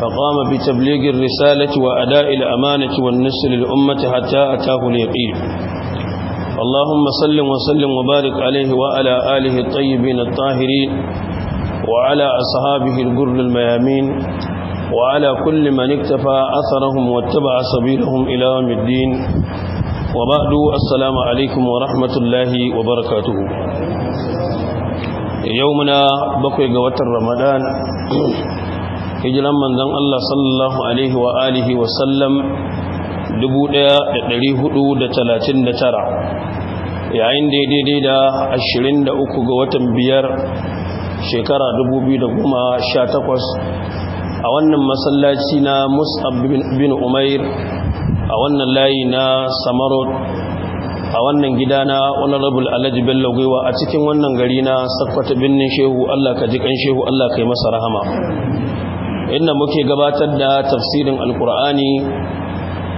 فقام بتبليغ الرسالة وأداء الأمانة والنسل للأمة حتى أتاه اليقين اللهم صل وسلم وبارك عليه وعلى آله الطيبين الطاهرين وعلى أصحابه القر الميامين وعلى كل من اكتفى أثرهم واتبع سبيلهم إلى يوم الدين وبعد السلام عليكم ورحمة الله وبركاته يومنا بقي قوة رمضان hijiran manzon Allah sallallahu alaihi wa alihi wa 1439 yayin da daidai da 23 ga watan biyar shekara 2018 a wannan masallaci na Mus'ab bin Umair a wannan layi na Samarot a wannan gida na honorable alhaji bello gwiwa a cikin wannan gari na sakwata binnin shehu allah ka ji kan shehu allah ka yi masa rahama inda muke gabatar da tafsirin alkur'ani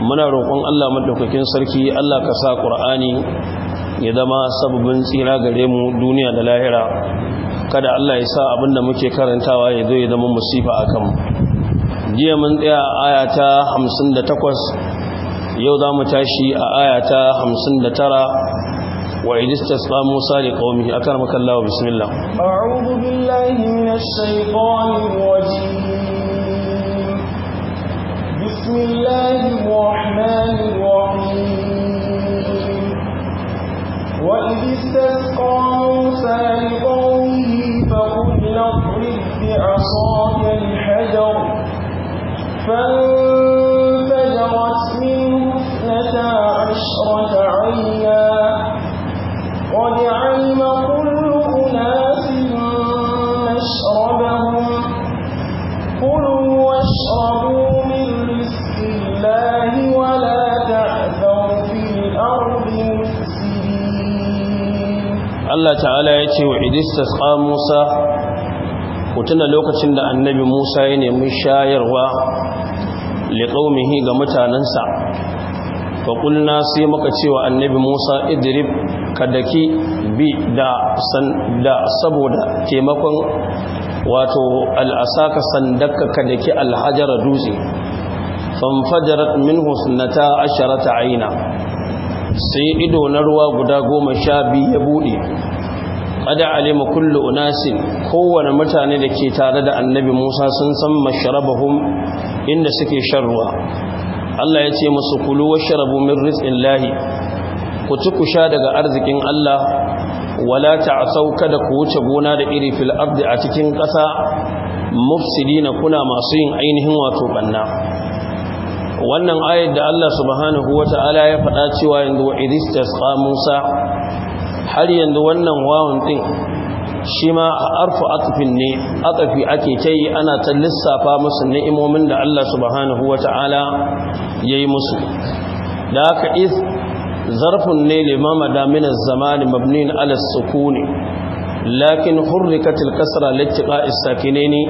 muna roƙon Allah maɗaukakin sarki Allah ka sa ƙur'ani ya zama sabbin tsira gare mu duniya da lahira kada Allah ya sa abin da muke karantawa ya zo ya zama musifa a kanmu jiya mun tsaya a aya ta 58 yau za mu tashi a aya ta 59 wa idistasqa Musa li qaumi akarmakallahu bismillah a'udhu billahi minash shaitanir rajim بسم الله الرحمن الرحيم وإذ استسقى موسى لقومه فقل اضرب بعصاك الحجر فانفجرت منه اثنتا عشرة عينا قد علم Allah ta'ala ya ce wa idistasqa Musa ku tuna lokacin da annabi Musa ya nemi shayarwa liƙaumihi ga mutanensa. fa kulna sai muka cewa annabi Musa idrib kadaki bi da saboda taimakon wato al'asaka sandakka daki alhajara dutse fanfajarat minhu sunnata asharata aina sai ido na ruwa guda goma sha biyu ya buɗe ƙada alima kullu unasin kowane mutane da ke tare da annabi musa sun san masharabahum inda suke shan ruwa allah ya ce musu kulu wa sharabu min ritsin lahi ku ci ku sha daga arzikin allah wala ta'asau da ku wuce gona da iri fil a cikin ƙasa na kuna masu yin ainihin wato ɓanna. wannan ayat da Allah subhanahu ta'ala ya faɗa cewa yanzu wa idistasqa Musa har yanzu wannan wawan din shi ma arfu atfin ne atfi ake tayi ana ta lissafa musu ni'imomin da Allah subhanahu wata'ala yayi musu da haka iz zarfun ne limama da zamani az ala sukuni lakin hurrikatil kasra littiqa as-sakinaini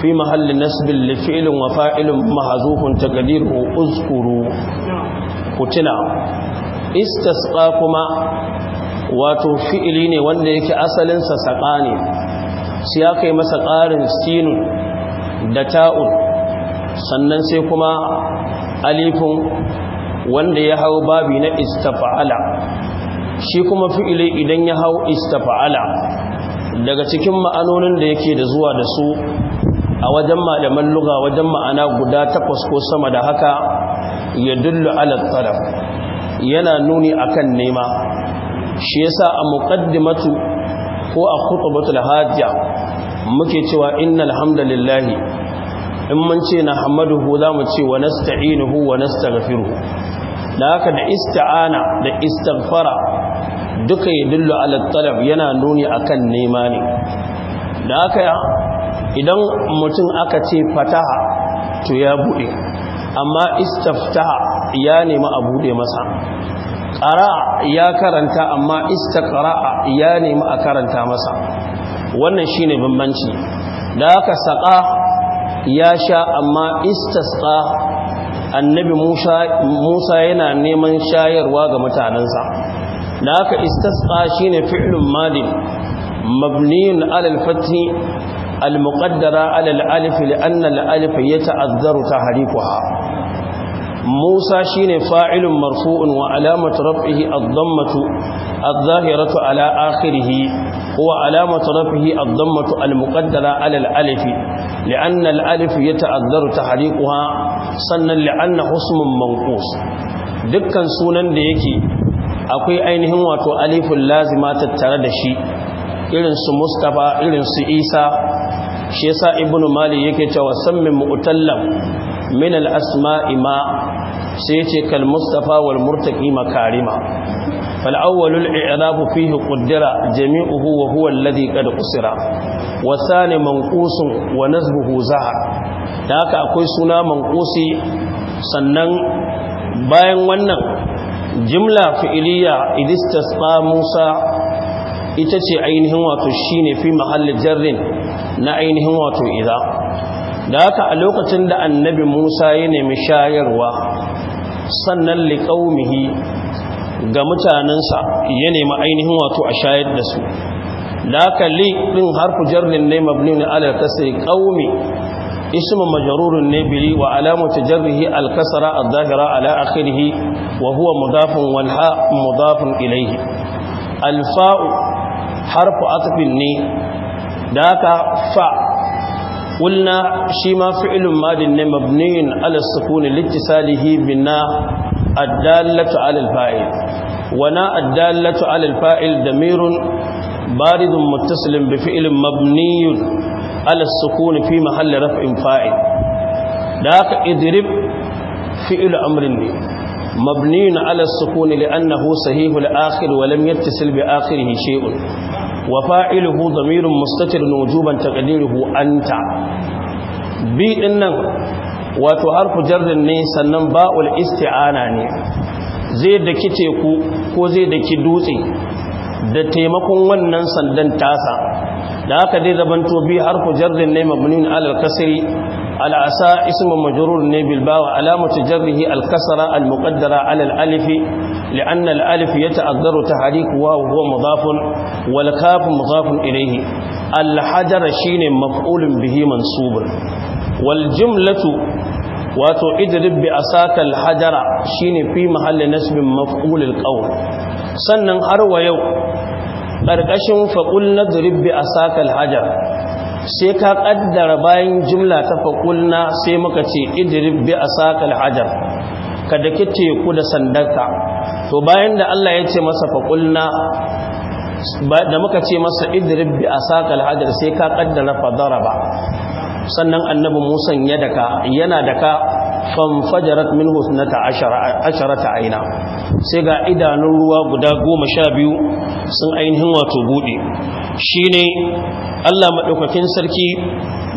fi mahalli nasbin li fi'lin wa fa'ilin mahzufun taqdiru uzkuru kutina istisqa kuma wato fi'ili ne wanda yake asalin sa saqa ne sai aka yi masa ƙarin sinu da ta'un sannan sai kuma alifin wanda ya hau babi na istafa'ala shi kuma fi'ilai idan ya hau istafa'ala daga cikin ma'anonin da yake da zuwa da su a wajen malaman luga wajen ma'ana guda takwas ko sama da haka ya dullu ala taraf yana nuni a kan nema shi yasa a muqaddimatu ko a khutbatul hajja muke cewa innal alhamdulillahi in mun ce na hamadu za mu ce wa nasta'inuhu wa nastaghfiruh da haka da ista'ana da fara duka yadullu ala talab yana nuni akan nema ne da haka idan mutum aka ce fataha to ya bude amma istaftaha ya nemi a bude masa ƙara'a ya karanta amma istaqra'a ya nemi a karanta masa wannan shine bambanci da haka saƙa ya sha amma istasqa annabi musa yana neman shayarwa ga mutanensa da aka istasqa shine fi'lun madin mabniyun alal fatti al muqaddara alal alif li anna al alif ta tahrifuha musa shine fa'ilun marfu'un wa alamatu raf'ihi ad-dammatu adh-dhahiratu ala akhirih wa alamatu raf'ihi ad-dammatu al-muqaddara ala al-alif li'anna al-alif yata'adhdharu tahriquha sannan li'anna ismun manqus dukkan sunan da yake akwai ainihin wato alifin lazima tattare da shi irin su mustafa irin su isa shi yasa ibnu mali yake cewa sammin mu'tallam min al-asma'i ma sai yace kal mustafa wal murtaqi makarima fal awwalul i'rab fihi qaddara jami'uhu wa huwa alladhi qad qusira wa thani manqusun wa nazbuhu zahar da haka akwai suna manqusi sannan bayan wannan jimla fi'iliya idistasqa musa ita ce ainihin wato shine fi mahallin jarrin na ainihin wato idza da haka a lokacin da annabi Musa ya nemi shayarwa sannan liƙaumihi ga mutanensa ya nemi ainihin wato a shayar da su da aka liƙin harfu jarrin ne mabnin alar kasai ƙaumi ismin majarurin ne biri wa alamata jarrihi alkasara a zahira ala akhirihi wa huwa mudafin walha mudafin ilaihi alfa'u harfu asibin ne da aka fa قلنا شيما فعل ماد مبني على السكون لاتصاله بنا الدالة على الفاعل ونا الدالة على الفاعل ضمير بارد متصل بفعل مبني على السكون في محل رفع فاعل ذاك اضرب فعل امر مبني على السكون لانه صحيح الاخر ولم يتصل باخره شيء wa fa'iluhu mustatir na wujuban an ta, bi ɗin nan wato harfu jarrin ne sannan ba'ul isti'ana ne zai daki teku ko zai daki dutse da taimakon wannan sandan tasa da haka dai zabanto bi harfu jarrin ne mabnin alal kasri al asa ismu majrur ne bil ba wa alamatu jarrihi al kasra al Alifi ala al alif لأن الألف يتأذر تحريك واو هو مضاف والكاف مضاف إليه الحجر شين مفعول به منصوب والجملة wato idrib bi asakal hajara shine fi mahallin nasbin maf'ulil qawl sannan har wa yau ƙarƙashin faƙul na duribbi a sakal hajar sai ka ƙaddara bayan jimla ta faƙul na sai muka ce idiribbi a sakal hajar ka da ke teku da sandarka to bayan da Allah ya ce masa faƙul na da muka ce masa idiribbi a sakal hajar sai ka ƙaddara fadara ba sannan annabi musan ya daka yana daka fanfajarat min husnata asharata aina sai ga idanun ruwa guda goma sha biyu sun ainihin wato buɗe shi ne allah maɗaukakin sarki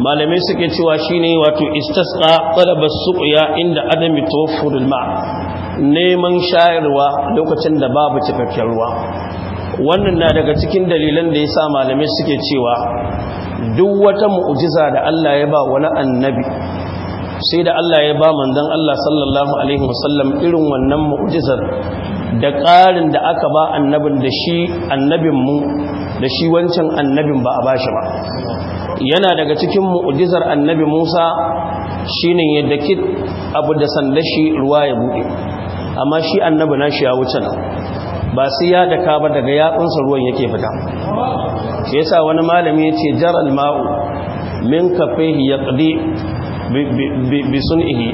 malamai suke cewa shi ne wato istasa talabar suƙuya inda adami to furulma neman shayarwa lokacin da babu cikakken ruwa wannan na daga cikin dalilan da ya sa malamai suke cewa duk wata mu'ujiza da allah ya ba wani annabi sai da Allah ya ba manzon Allah sallallahu alaihi wasallam irin wannan mu'jizar da ƙarin da aka ba annabin da shi annabinmu da shi wancan annabin ba a ba shi ba yana daga cikin mu'jizar annabi Musa shine yadda kit abu da sanda shi ruwa ya buɗe amma shi annabi nashi ya wuce nan ba sai ya daka ba daga yatsunsa ruwan yake fita shi yasa wani malami yace ce jar al-ma'u min ya yaqdi bi sun'ihi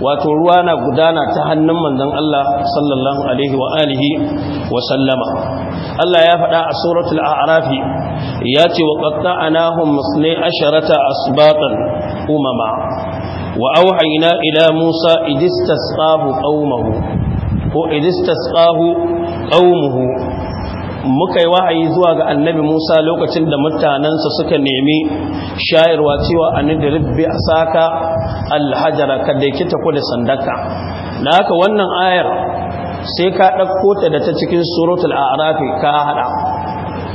wato ruwa na gudana ta hannun manzon Allah sallallahu alaihi wa alihi wa sallama Allah ya faɗa a suratul a'rafi ya ce wa a musnay asharata asbatan umama wa auhayna ila musa idistasqahu qaumahu ko idistasqahu qaumuhu muka yi wahayi zuwa ga annabi musa lokacin da mutanensa suka nemi shayarwa cewa a nidirbi a saka alhajara ka ki ta kula sandaka da haka wannan ayar sai ka ɗauko ta da ta cikin suratul a'rafi ka haɗa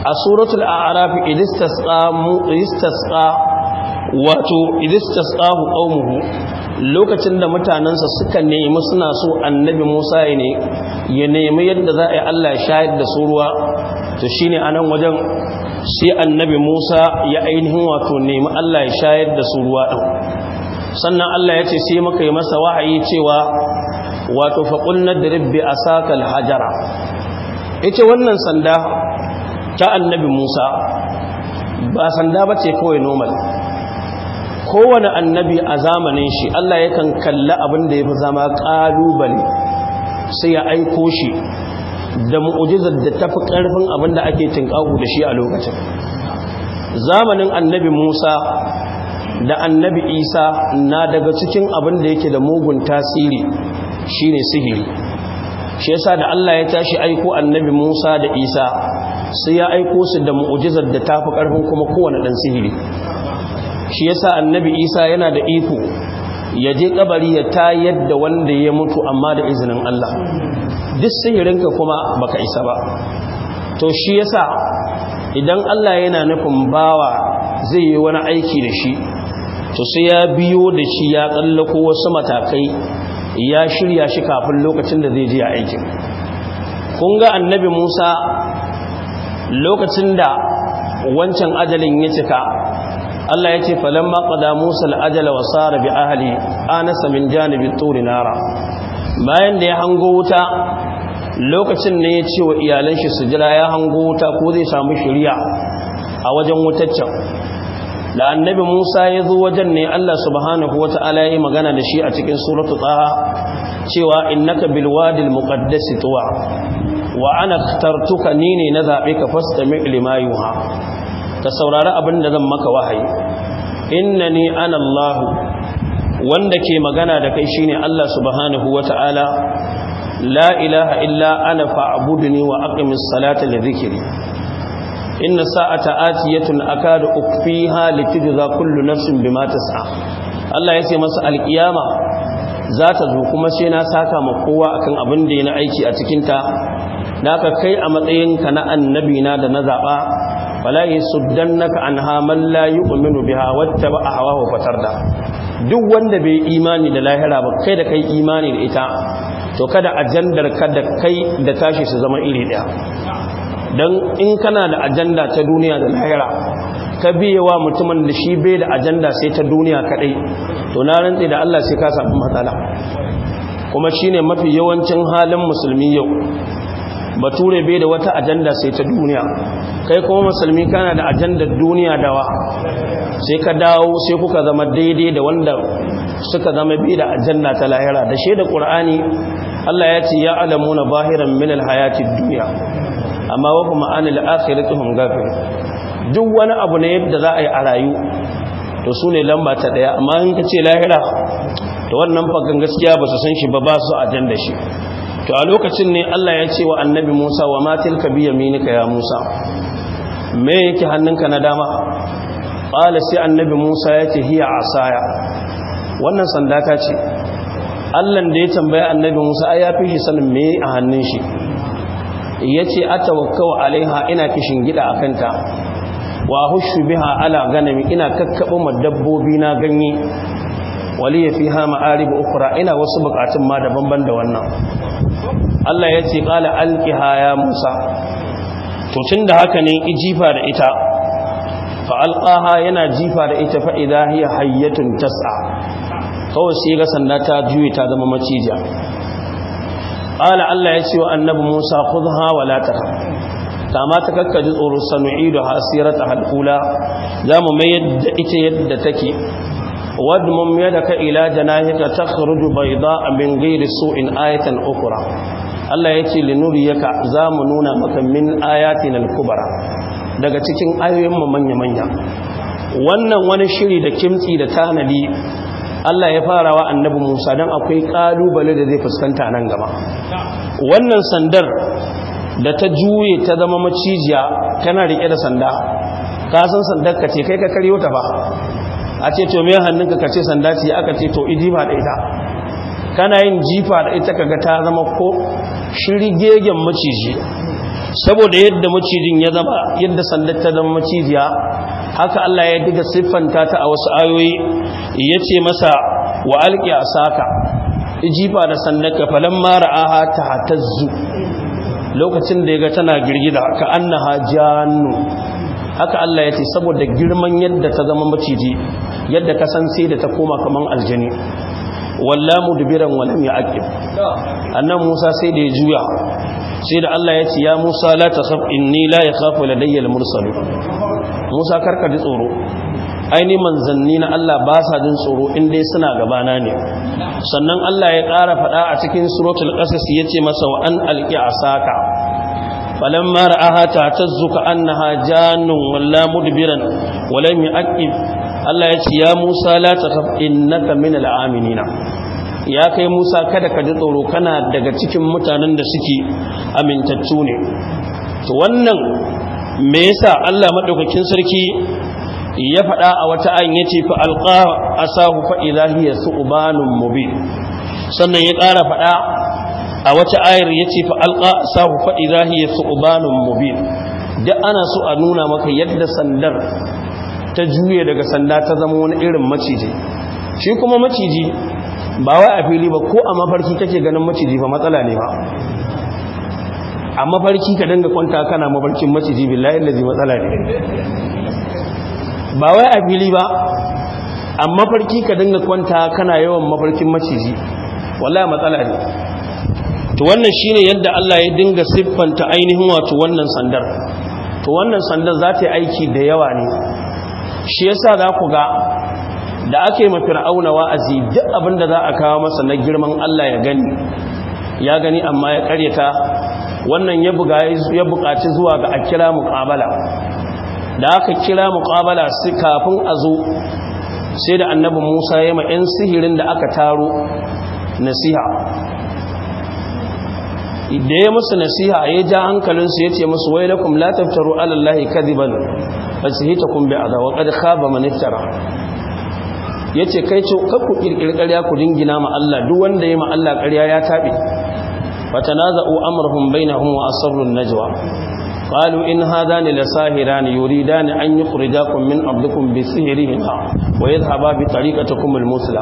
a suratul a'rafi idistasqa wato idistasqahu qaumuhu lokacin da mutanensa suka nemi suna so annabi Musa ya ne ya nemi yadda za a yi Allah ya shayar da su ruwa to shine anan wajen sai annabi Musa ya ainihin wato nemi Allah ya shayar da su ruwa sannan Allah ya ce sai muka yi masa wa'ayi cewa wato na drib a sakal hajara ce wannan sanda ta annabi Musa ba sanda bace kawai normal kowane annabi a zamanin shi Allah yakan kalli abin da ya fi zama ƙalubale sai ya aiko shi da mu'ujizar da tafi ƙarfin abin ake tinƙaƙu da shi a lokacin zamanin annabi musa da annabi isa na daga cikin abinda yake da mugun tasiri shi ne sihiri shi yasa da Allah ya tashi aiko annabi musa da isa sai ya aiko su da mu'ujizar da tafi ƙarfin kuma kowane ɗan sihiri shi yasa annabi isa yana da iko ya je kabari ya tayar da wanda ya mutu amma da izinin Allah duk sihirinka kuma baka isa ba to shi yasa idan Allah yana nufin bawa zai yi wani aiki da shi to sai ya biyo da shi ya tsallako wasu matakai ya shirya shi kafin lokacin da zai je a aikin kun ga annabi Musa lokacin da wancan ajalin ya cika Allah ya ce falamma maƙada Musa al-ajala wa sara bi ahli anasa min janibi turi nara bayan da ya hango wuta lokacin ne ya ce wa iyalan shi su jira ya hango wuta ko zai samu shiriya a wajen wutaccen da annabi Musa ya zo wajen ne Allah subhanahu ta'ala ya yi magana da shi a cikin suratu tsaha? cewa innaka bilwadil wadi al tuwa wa ana tartuka ni ne na zaɓe ka fastami lima yuha ka saurari abin da zan maka wahayi Inna ana Allah wanda ke magana da kai shine Allah subhanahu wata'ala la ilaha illa ana fa'budni wa aqimis salata li dhikri inna sa'ata atiyatun akadu ukfiha litujza kullu nafsin bima tas'a Allah yace masa alkiyama za ta zo kuma sai na saka ma kowa akan abin da yana aiki a cikin ta naka kai a matsayinka na annabi na da na zaba fala yasuddannaka anha man la yu'minu biha hawa ahwahu fatarda duk wanda bai imani da lahira ba kai da kai imani da ita to kada ajandar kada kai da tashi su zama iri daya dan in kana da ajanda ta duniya da lahira ka biyewa mutumin da shi bai da ajanda sai ta duniya kadai to na rantsi da Allah sai ka samu matsala kuma shine mafi yawancin halin musulmi yau bature bai da wata ajanda sai ta duniya kai kuma musulmi kana da ajandar duniya dawa sai ka dawo sai kuka zama daidai da wanda suka zama bai da ajanda ta lahira da shaida qur'ani Allah ya ce ya alamuna bahiran min hayati duniya amma wa kuma an alakhiratuhum ghafil duk wani abu ne yadda za a yi a rayu to su ne lamba ta daya amma in ka ce lahira to wannan fakan gaskiya ba su san shi ba ba su ajanda shi to a lokacin ne Allah ya ce wa annabi Musa wa matil ka biya minika ya Musa me yake hannunka na dama ƙala sai annabi Musa ya ce hiya asaya wannan sanda ta ce Allahn da ya tambaya annabi Musa ai ya fi shi sanin me a hannun shi ya ce atawakkau alaiha ina kishin gida a kanta wa hushu biha ala ganami ina kakkaɓa ma dabbobi na ganye wali ya fi hama arib ukura ina wasu bukatun ma daban-ban da wannan Allah ya ce ƙala alƙiha ya musa to tun da haka ne ijifa da ita fa'alƙaha yana jifa da ita fa'ida ya hayyatun tas'a kawai sai ga sanda ta juya ta zama macija ƙala Allah ya ce wa annabi musa kuzha wala ta mata ta kakkaji tsoro sanu'i da hasirata halkula za mu mayar da ita yadda take wadmum yadaka ila janahika takhruju bayda'a min ghairi su'in ayatan ukhra Allah yace linuriyaka zamu nuna maka min ayatin al-kubra daga cikin ayoyin mu manya manya wannan wani shiri da kimtsi da tanadi Allah ya fara wa annabi Musa dan akwai kalubale da zai fuskanta nan gaba wannan sandar da ta juye ta zama macijiya tana rike da sanda ka san sandar ka ce kai ka karyo ta ba a ce to mai hannunka ka ce sanda ce aka ce to ijiba da ita kana yin jifa da ita kaga ta zama ko shirigegen maciji saboda yadda macijin ya zama yadda sanda ta zama macijiya haka Allah ya diga siffanta ta a wasu ayoyi ya ce masa wa alqi a saka jifa da sandarka falan mara aha ta hatazzu lokacin da ya ga tana girgida ka annaha jannu haka Allah ya ce saboda girman yadda ta zama maciji yadda ka san sai da ta koma kaman aljani walla mudbiran wa lam yaqib annan Musa sai da ya juya sai da Allah ya ce ya Musa la tasab inni la yakhafu ladayya al Musa karka ji tsoro aini manzanni na Allah ba sa jin tsoro in dai suna gabana ne sannan Allah ya ƙara faɗa a cikin suratul qasas yace masa wa an alqi asaka فلما رآها تعتز كأنها جان ولا مدبرا ولم يأكد الله يا موسى لا تخف إنك من العاملين ya kai Musa kada ka ji tsoro kana daga cikin mutanen da suke amintattu ne to wannan me yasa Allah madaukakin sarki ya faɗa a wata an yace fa alqa asahu fa ilahiya su'banun mubin sannan ya ƙara faɗa a wata ayar ya ce fa'alƙa sahu faɗi zahiyar su'ubanin mubin da ana so a nuna maka yadda sandar ta juye daga sanda ta zama wani irin maciji shi kuma maciji ba wa a fili ba ko a mafarki kake ganin maciji ba matsala ne ba a mafarki ka dinga kwanta kana mafarkin maciji billahi zai matsala ne ba wa a fili ba a mafarki ka dinga kwanta kana yawan mafarkin maciji wallahi matsala ne to wannan shine yadda Allah ya dinga siffanta ainihin wato wannan sandar to wannan sandar za ta yi aiki da yawa ne shi yasa za ku ga da aka ma fir'auna wa'azi duk abin da za a kawo masa na girman Allah ya gani ya gani amma ya karyata wannan ya buƙaci zuwa ga a kira muƙabala da aka kira muqabala sai kafin a zo sai da annabi musa ya ma 'yan sihirin da aka taro nasiha da ya musu nasiha ya ja hankalinsu ya ce musu wai lakum la taftaru ala allahi kadiban fasihitakum bi adha wa qad khaba man iftara yace kai ce ku kirkir ƙarya ku dingina ma Allah duk wanda ya ma Allah ƙarya ya tabe fatanaza'u amrahum bainahum wa asrarun najwa قالوا إن هذان لساهران يريدان أن يخرجاكم من أرضكم بسحرهما ويذهبا بطريقتكم المثلى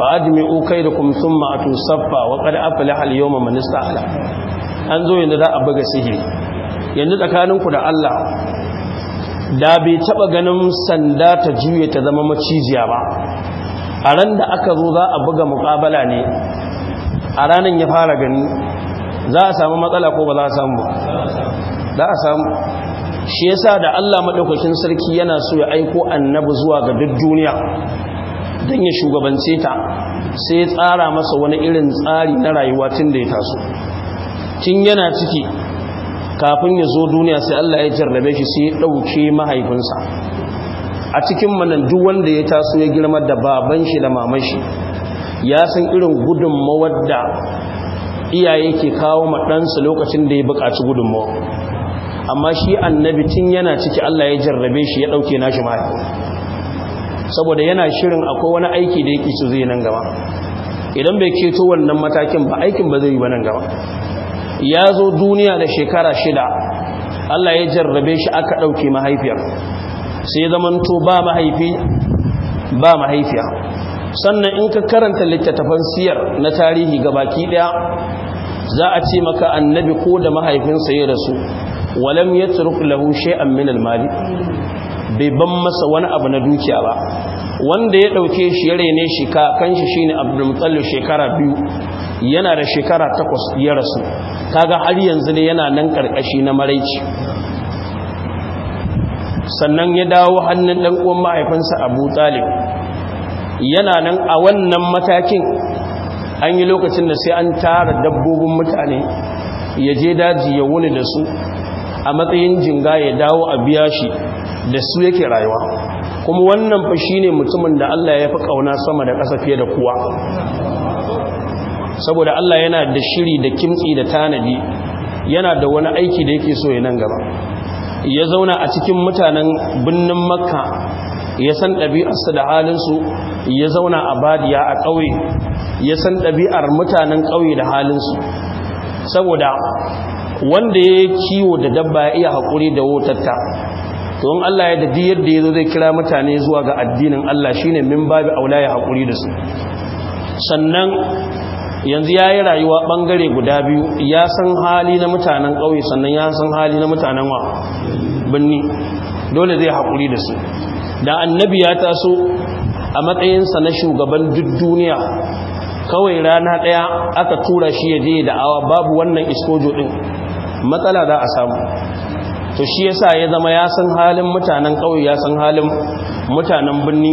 فأجمعوا كيدكم ثم أتوا صفا وقد أفلح اليوم من استعلى أنزو يندى أبغى سحر يندى كانوا da Allah da bai taba ganin sanda ta juye ta zama macijiya ba a ran da aka zo za a buga muƙabala ne a ranar ya fara gani za a samu matsala ko ba za a samu da a samu shi yasa da Allah madaukakin sarki yana so ya aiko annabi zuwa ga duk duniya dan ya shugabance ta sai ya tsara masa wani irin tsari na rayuwa tun da ya taso tun yana ciki kafin ya zo duniya sai Allah ya jarrabe shi sai ya dauke mahaifinsa a cikin manan duk wanda ya taso ya girma da baban shi da maman shi ya san irin gudunmawar da iyaye ke kawo ma ɗansa lokacin da ya buƙaci gudunmawa amma shi annabi tun yana ciki Allah ya jarrabe shi ya dauke nashi mahaifi saboda yana shirin akwai wani aiki da yake so zai nan gaba idan bai keto wannan matakin ba aikin ba zai yi ba nan gaba ya zo duniya da shekara shida Allah ya jarrabe shi aka dauke mahaifiyar sai zamanto ba mahaifi ba mahaifiya sannan in ka karanta littattafan siyar na tarihi ga baki daya za a ce maka annabi ko da mahaifinsa ya rasu walam ya turuk lahu shay'an min al-mali bai ban masa wani abu na dukiya ba wanda ya dauke shi ya rene shi ka kanshi shine Abdul Muttalib shekara biyu yana da shekara takwas ya rasu kaga har yanzu ne yana nan karkashi na maraici sannan ya dawo hannun dan uwan mahaifinsa Abu Talib yana nan a wannan matakin an yi lokacin da sai an tara dabbobin mutane ya je daji ya wuni da su a matsayin jinga ya dawo a biya shi da su yake rayuwa kuma wannan fa ne mutumin da Allah ya fi kauna sama da ƙasa fiye da kuwa saboda Allah yana da shiri da kimtsi da tanadi yana da wani aiki da yake so ya nan gaba ya zauna a cikin mutanen binnin makka ya san ɗabi'arsu da halinsu ya zauna a badiya a ƙauye ya san ɗabi'ar mutanen ƙauye da halinsu saboda wanda ya kiwo da dabba ya iya haƙuri da wotatta to in Allah ya dadi yadda ya zo zai kira mutane zuwa ga addinin Allah shine min babu aula ya haƙuri da su sannan yanzu ya yi rayuwa ɓangare guda biyu ya san hali na mutanen ƙauye sannan ya san hali na mutanen wa birni dole zai haƙuri da su da annabi ya taso a matsayinsa na shugaban duk duniya kawai rana ɗaya aka tura shi ya je da awa babu wannan iskojo ɗin matsala za a samu to shi yasa ya zama ya san halin mutanen ƙauye ya san halin mutanen birni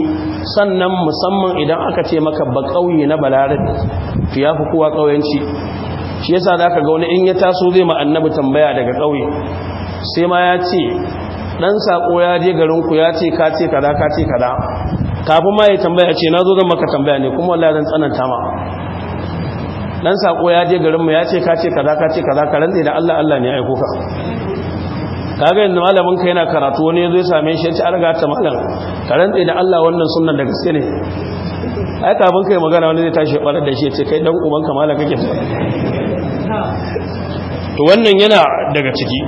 sannan musamman idan aka ce maka ba ƙauye na balarin fiya fi kowa ƙauyenci shi yasa za ka ga wani in ya taso zai ma annabi tambaya daga ƙauye sai ma ya ce ɗan saƙo ya je garin ku ya ce ka ce kaza ka ce kaza kafin ma ya tambaya ce na zo zan maka tambaya ne kuma wallahi zan tsananta ma dan sako ya je garinmu ya ce ka ce kaza ka ce kaza ka rantse da Allah Allah ne ya aiko ka kaga yanzu malamin ka yana karatu wani zai same shi ya ci arga ta malam ka rantse da Allah wannan sunnan da gaske ne ai kafin kai magana wani zai tashi barar da shi ya ce kai dan uban ka malam kake to wannan yana daga ciki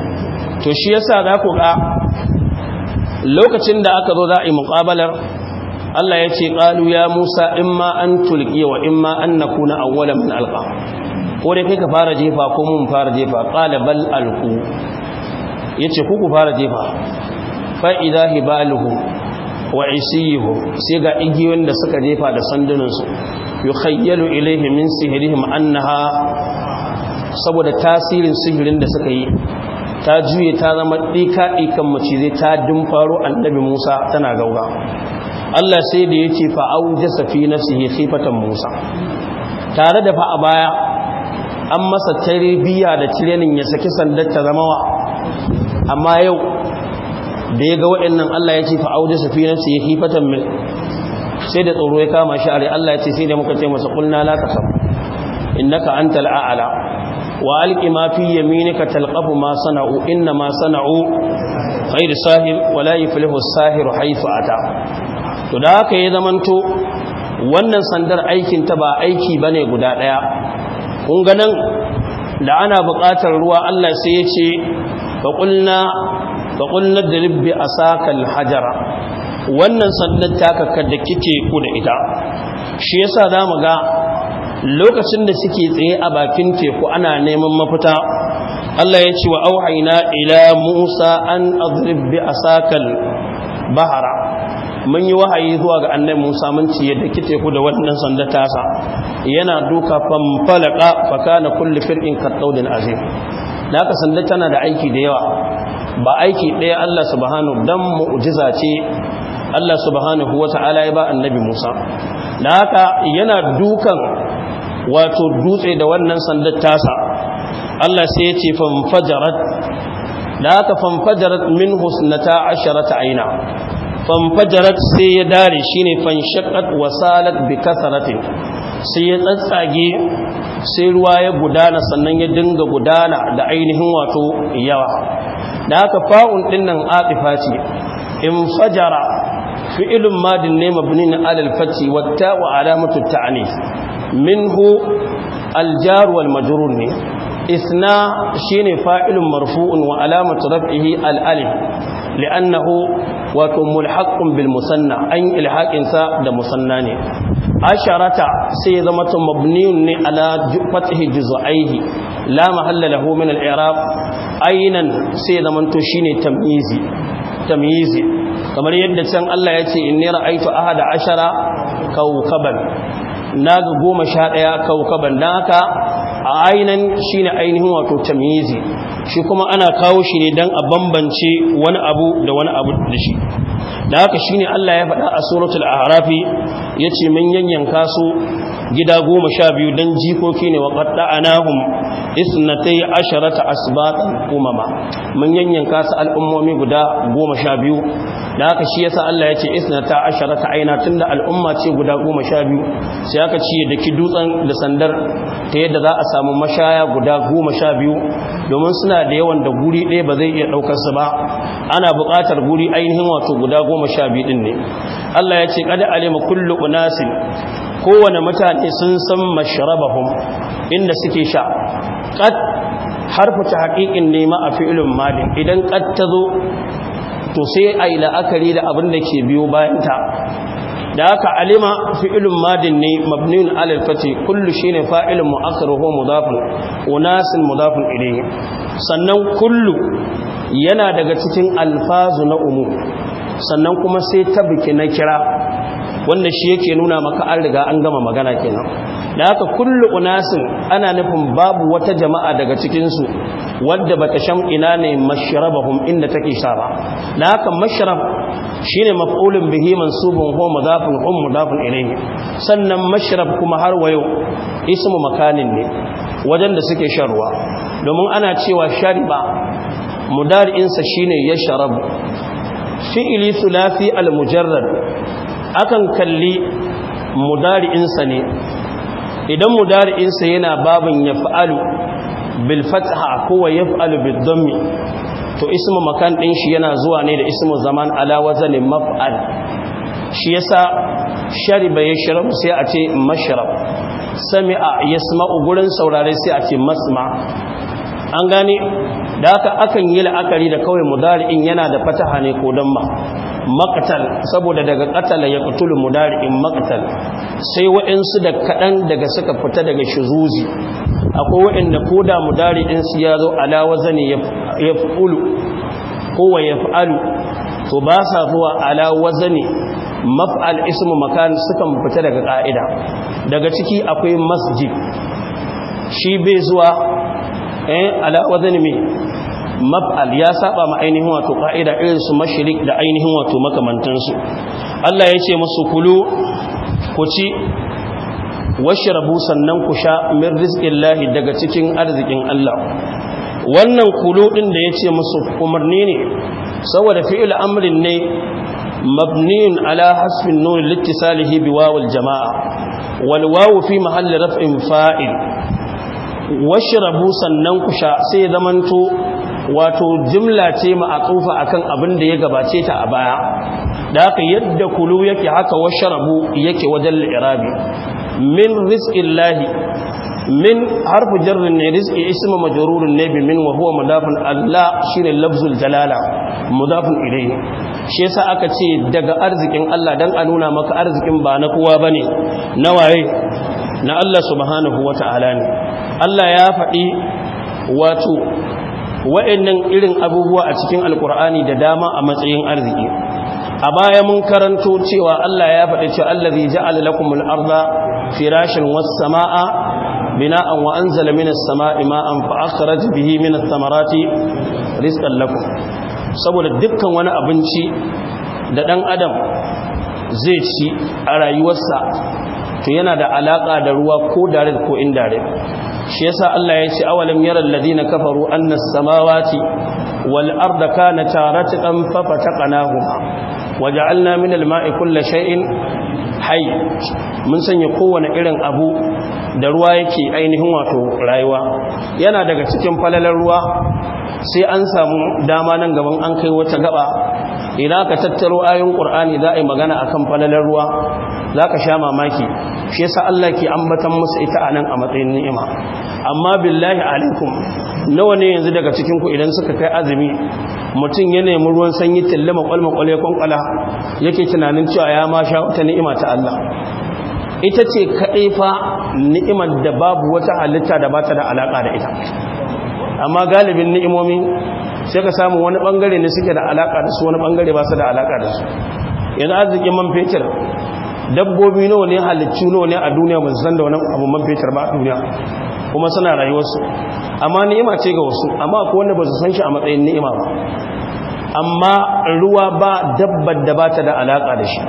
to shi yasa za ku ga lokacin da aka zo za a yi muƙabalar Allah ya ce ƙalu ya musa in ma an tulki wa in ma an na kuna awwala man alƙa ko dai kai ka fara jefa ko mun fara jefa qala bal alqu ya ce ku ku fara jefa idha hibaluhu wa isihu sai ga igiyoyin da suka jefa da su yukhayyalu ilaihi min sihrihim annaha saboda tasirin sihirin da suka yi ta juye ta zama dika ɗikan mace zai ta dumfaro annabi musa tana gauga Allah sai da ya ce fa'auja safi na khifatan musa tare da fa a baya an masa tarbiya da tirenin ya saki sandar ta zama wa amma yau da ya ga waɗannan Allah ya ce fa'auja safi na sihe hifatan mai sai da tsoro ya kama shi are Allah ya ce sai da muka ce masa kulna la kasab innaka antal a'la wa alqi ma fi yaminika talqafu ma sana'u inna ma sana'u ghayr sahir wa la yuflihu as-sahiru haythu ata to da haka ya zamanto wannan sandar aikin ta ba aiki bane guda daya kun ganin da ana buƙatar ruwa Allah sai ya ce fa qulna fa qulna drib bi asakal hajara wannan sandar ta taka da kike ku da ita shi yasa zamu ga lokacin da suke tsaye a bakin teku ana neman mafita Allah ya ce wa auhaina ila Musa an adrib bi asakal bahara mun yi wahayi zuwa ga annabi Musa mun ci yadda kite ku da wannan sanda tasa yana duka fanfalaka fa kana kullu firqin kattaudin azim da sanda tana da aiki da yawa ba aiki ɗaya Allah subhanahu dan mu'jiza ce Allah subhanahu wata'ala ya ba annabi Musa da yana dukan wato dutse da wannan sanda tasa Allah sai ya ce fanfajarat da haka fanfajarat min husnata asharata aina fanfajarat sai ya dare shine fanshaqat wasalat bi kasratin sai ya tsatsage sai ruwa ya gudana sannan ya dinga gudana da ainihin wato yawa da haka fa'un din nan atifa ce in fajara fi'ilun madin ne mabni na alal fati wata wa alamatu ta'ani minhu aljar wal majrur ne isna shine fa'ilun marfu'un wa alamatu raf'ihi al alif li'annahu wato mulhaqqun bil musanna an ilhaqin sa da musanna ne asharata sai zama to mabniyun ne ala fathi juz'aihi la mahalla lahu min al i'rab aynan sai zama to shine tamyizi tamyizi kamar yadda can Allah ya ce in inni ra'aytu ahada ashara kawkaban naga ɗaya kawkaban dan haka a ainihin ne ainihin wato tamizi, shi kuma ana kawo shi ne don a bambance wani abu da wani abu da shi da haka shine Allah ya faɗa a suratul a'rafi ce mun yanyanka su gida goma sha biyu don jikoki ne wa qatta'anahum isnatay asharata asibatan umama mun yanyanka su al'ummomi guda goma sha biyu da haka shi yasa Allah yace isnata asharata aina tunda al'umma ce guda goma sha biyu sai aka ci da ki dutsen da sandar ta yadda za a samu mashaya guda goma sha biyu domin suna da yawan da guri ɗaya ba zai iya ɗaukar su ba ana buƙatar guri ainihin wato guda goma sha biyu ɗin ne Allah ya ce kada alima kullu unasin kowane mutane sun san masharabahum inda suke sha qad harfu haƙiƙin nema a fi'ilun madin idan qad ta zo to sai a yi la'akari da abin da ke biyo bayanta. da haka alima fi'ilun madin ne mabniun alal fati kullu shine fa'ilun mu'akkaruhu mudafun unasin mudafun ilayhi sannan kullu yana daga cikin alfazu na umu sannan kuma sai ta biki na kira wanda shi yake nuna maka an riga an gama magana kenan da haka kullu unasin ana nufin babu wata jama'a daga cikin cikinsu wadda bata ina ne mashrabahum inda take sha ba da haka mashrab shine maf'ulun bihi mansubun huwa mudafun um mudafun ilayhi sannan mashrab kuma har wayo ismu makanin ne wajen da suke shan ruwa domin ana cewa shariba mudari'insa shine yasharabu fi'ili sulasi al-mujarrad akan kalli mudari'insa ne idan mudari'insa yana babin yaf'alu bil fatha ko wa yaf'alu bid to ismu makan din shi yana zuwa ne da ismu zaman ala wazan maf'al shi yasa shariba yashrab sai a ce mashrab sami'a yasma'u gurin saurare sai a ce masma an gane da haka akan yi la'akari da kawai mudari'in yana da fataha ne ko damma maqtal saboda daga qatala ya qutulu mudari'in maqtal sai wa'ansu da kadan daga suka fita daga shuzuzi akwai wa'anda koda mudari'in su ya zo ala wazani ya fulu ko wa yaf'alu to ba sa zuwa ala wazani maf'al ismu makan sukan fita daga ka'ida daga ciki akwai masjid shi bai zuwa eh ala me maf'al ya saba ma ainihin wato ka'ida irin su mashrik da ainihin wato makamantansu Allah ya ce musu kulu ku ci washrabu sannan ku sha min rizqillahi daga cikin arzikin Allah wannan kulu din da yace musu umarni ne saboda fi'il amrin ne mabniun ala hasbin nun littisalihi biwawil jama'a wal wawu fi mahalli raf'in fa'il washrabu sannan ku sha sai zamanto wato jimla ce tsufa akan abin da ya gabace ta a baya da yadda kulu yake haka rabu yake wajen irabi min rizqillahi min harfu jarrin ne rizqi ismu majrurun ne bi min wa huwa mudafun Allah shine lafzul jalala mudafun ilayhi shi yasa aka ce daga arzikin Allah dan a nuna maka arzikin ba na kowa bane na waye na Allah subhanahu wata'ala ne Allah ya faɗi wato wa'annan irin abubuwa a cikin alkur'ani da dama a matsayin arziki a baya mun karanto cewa Allah ya faɗi cewa allazi ja'ala lakumul arda firashin was samaa bina'an wa anzala minas samaa'i ma'an fa akhraj bihi minas thamarati rizqan lakum saboda dukkan wani abinci da dan adam zai ci a rayuwarsa to yana da alaka da ruwa ko direct ko indirect shi yasa Allah ya ce awalam yaral ladina kafaru anna as-samawati wal arda kanata ratqan fa fataqnahuma waja'alna min al-ma'i kulli shay'in hayy mun sanya kowane irin abu da ruwa yake ainihin wato rayuwa yana daga cikin falalar ruwa sai an samu dama nan gaban an kai wata gaba ina ka tattaro ayoyin qur'ani za a yi magana akan falalar ruwa za ka sha mamaki shi yasa Allah ke ambatan musu ita anan a matsayin ni'ima amma billahi alaikum nawa ne yanzu daga cikin ku idan suka kai azumi mutum ya nemi ruwan sanyi tilla makwal makwal ya kwankwala yake tunanin cewa ya ma sha wata ni'ima ta Allah ita ce kaɗai fa ni'imar da babu wata halitta da ba ta da alaƙa da ita amma galibin ni'imomi sai ka samu wani bangare ne suke da alaka da su wani bangare ba su da alaka da su yanzu arzikin man fetur dabbobi nawa ne halittu nawa ne a duniya ba san da wani abu man fetur ba a duniya kuma suna rayuwarsu amma ni'ima ce ga wasu amma akwai wanda ba su san shi a matsayin ni'ima ba amma ruwa ba dabbar da ba ta da alaka da shi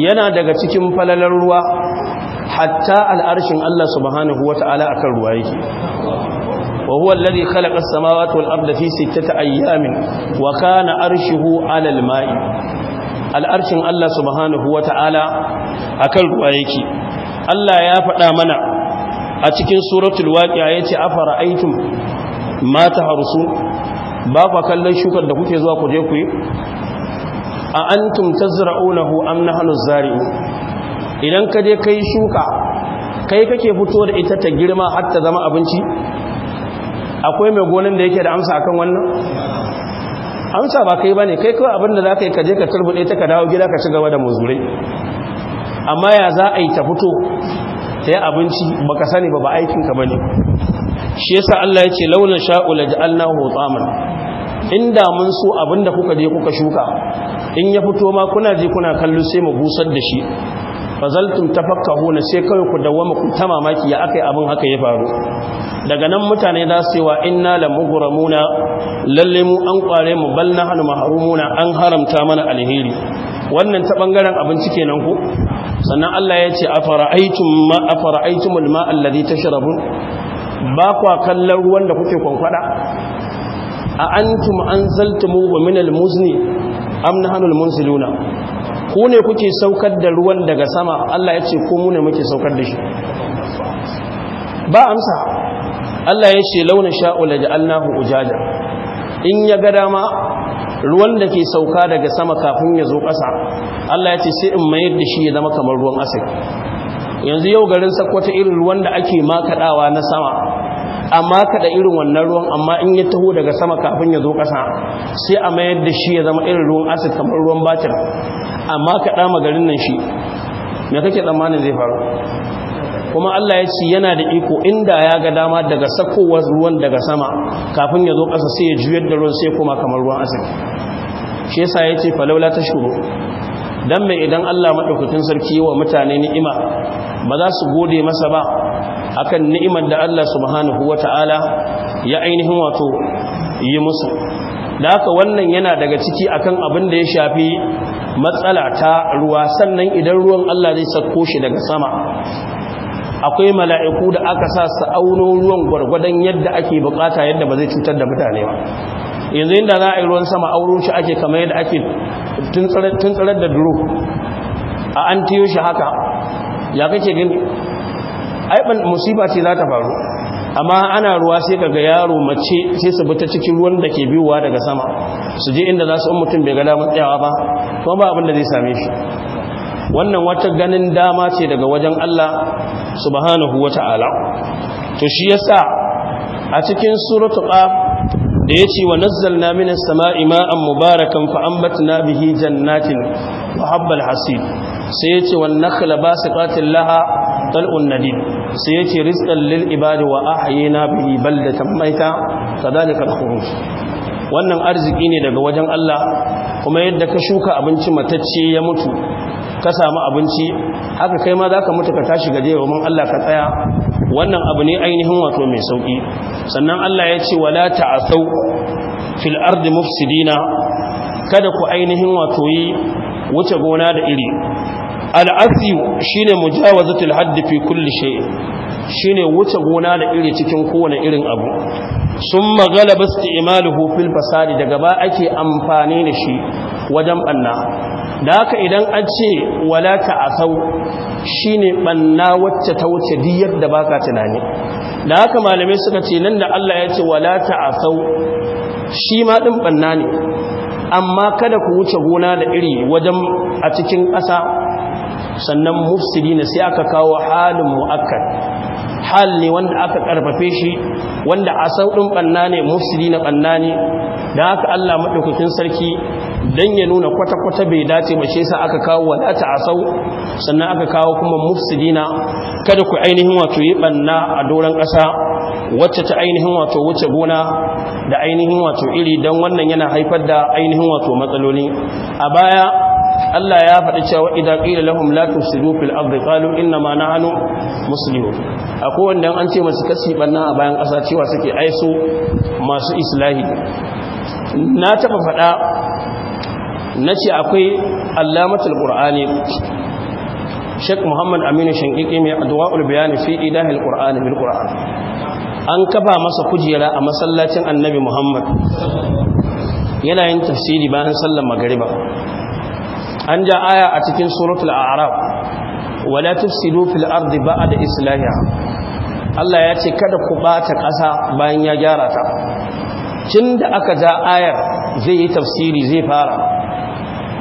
yana daga cikin falalar ruwa hatta al'arshin Allah subhanahu wata'ala akan ruwa yake wa huwa alladhi khalaqa as-samawati wal arda fi sittati ayyamin wa kana arshuhu 'ala al-ma'i al'arshin Allah subhanahu wata'ala akan ruwa yake Allah ya faɗa mana a cikin suratul waqi'a yace afara'aytum ma taharusun ba ku kallon shukar da kuke zuwa kuje-kuje? je ku yi a antum tazra'unahu am nahnu zari'un idan ka je kai shuka kai kake fito da ita ta girma har ta zama abinci akwai mai gonin da yake da amsa akan wannan amsa ba kai bane kai kawai abinda za ka yi kaje ka turbude ta ka dawo gida ka ci gaba da muzurai amma ya za a yi ta fito ta yi abinci ba ka sani ba ba aikinka ba ne shi yasa Allah ya ce launin sha'ula hu alna inda mun so abinda kuka je kuka shuka in ya fito ma kuna je kuna kallo sai mu busar da shi fazaltum tafakkahuna sai kawai ku dawama ku ta mamaki ya akai abin haka ya faru daga nan mutane da su cewa inna lamughramuna lalle mu an kware mu bal nahnu mahrumuna an haramta mana alheri wannan ta bangaren abinci nan ku sannan Allah ya ce afara'aytum ma afara'aytumul ma alladhi tashrabun ba kwa kallon ruwan da kuke kwankwada a antum anzaltumu min almuzni amna hanul munsiluna ku ne kuke saukar da ruwan daga sama Allah ya ce ko mu ne muke saukar da shi ba amsa Allah ya ce launa sha'u la ja'alnahu ujaja in ya ga dama ruwan da ke sauka daga sama kafin ya zo ƙasa Allah ya ce sai in mayar da shi ya zama kamar ruwan asali yanzu yau garin sakwata irin ruwan da ake makaɗawa na sama amma kada irin wannan ruwan amma in ya taho daga sama kafin ya zo ƙasa sai a mayar da shi ya zama irin ruwan asid kamar ruwan batir amma ka ɗama garin nan shi me kake tsammanin zai faru kuma Allah ya ce yana da iko inda ya ga dama daga sakowar ruwan daga sama kafin ya zo ƙasa sai ya juyar da ruwan sai kuma kamar ruwan asid shi yasa ya ce falaula ta shuru dan mai idan Allah madaukakin sarki wa mutane ni'ima ba za su gode masa ba akan ni'imar da Allah subhanahu Ta'ala ya ainihin wato yi musu da haka wannan yana daga ciki akan abin da ya shafi matsala ta ruwa sannan idan ruwan Allah zai sako shi daga sama akwai mala'iku da aka sa su auno ruwan gwargwadon yadda ake bukata yadda ba zai cutar da mutane ba yanzu inda za a yi ruwan sama auro shi ake kamar yadda ake tuntsarar da duro a an tiyo haka ya kake gani aiban musiba ce za ta faru amma ana ruwa sai kaga yaro mace sai su bi ta cikin ruwan da ke biyowa daga sama su je inda za su in mutum bai ga damar tsayawa ba kuma ba abin da zai same shi wannan wata ganin dama ce daga wajen Allah subhanahu wata'ala to shi yasa a cikin suratu qaf da yace wa nazzalna minas sama'i ma'an mubarakan fa anbatna bihi jannatin wa habbal hasid sai yace wan nakhla basiqatil laha tal'un nadid sai yace rizqan lil ibadi wa ahyina bihi baldatan maita kadhalika al-khuruj wannan arziki ne daga wajen Allah kuma yadda ka shuka abinci matacce ya mutu ka samu abinci haka kai ma zaka mutu ka tashi gaje wa Allah ka tsaya wannan abu ne ainihin wato mai sauki sannan Allah ya ce wala ta'asau fil ardi mufsidina kada ku ainihin wato yi wuce gona da iri al'asi shine mujawazatul hadd fi kulli shay shine wuce gona da iri cikin kowane irin abu summa galaba isti'maluhu fil fasadi daga ba ake amfani da shi wajen banna da haka idan an ce wala shi shine banna wacce ta wuce diyar da baka tunani da haka malamai suka ce nan da Allah ya ce wala sau shi ma din banna ne amma kada ku wuce gona da iri wajen a cikin ƙasa sannan mufsidi na sai aka kawo halin mu'akkad hal ne wanda aka karfafe shi wanda a sauɗin ɓanna ne mufsidi na ɓanna ne da haka Allah maɗaukakin sarki don ya nuna kwata-kwata bai dace ba shi sa aka kawo wadata a sau sannan aka kawo kuma mufsidi na kada ku ainihin wato yi ɓanna a doron ƙasa wacce ta ainihin wato wuce gona da ainihin wato iri don wannan yana haifar da ainihin wato matsaloli a baya Allah ya faɗi cewa idan ƙila lahum la tufsidu fil ardi qalu inna ma nahnu muslimun akwai wanda an ce masu kasi banna a bayan ƙasa cewa suke aiso masu islahi na taɓa faɗa na ce akwai alamatul qur'ani Sheikh Muhammad Aminu shinkiki mai addu'a ul bayani fi idahil qur'ani bil qur'an an kafa masa kujera a masallacin annabi muhammad yana yin tafsiri bayan sallar magariba an ja aya a cikin suratul a'raf wala tufsidu fil ardi ba'da islahiha Allah ya ce kada ku bata ƙasa bayan ya gyara ta tun da aka ja ayar zai yi tafsiri zai fara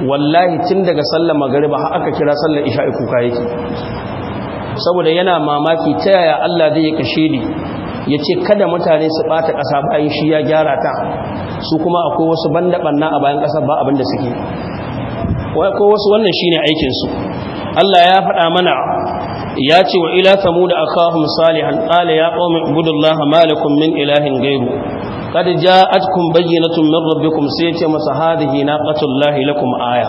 wallahi tun daga sallar magariba har aka kira sallar isha'i kuka yake saboda yana mamaki ta yaya Allah zai yi kashe ni ya ce kada mutane su ɓata ƙasa bayan shi ya gyara ta su kuma akwai wasu banda ɓanna a bayan ƙasa ba abinda suke ko wasu wannan shine aikinsu Allah ya faɗa mana ya ce wa ila samuda akahum salihan qala ya qaumi ibudullaha ma min ilahin ghayru قد جاءتكم بينة rabbikum ربكم ya ce masa ناقة الله lakum Aya,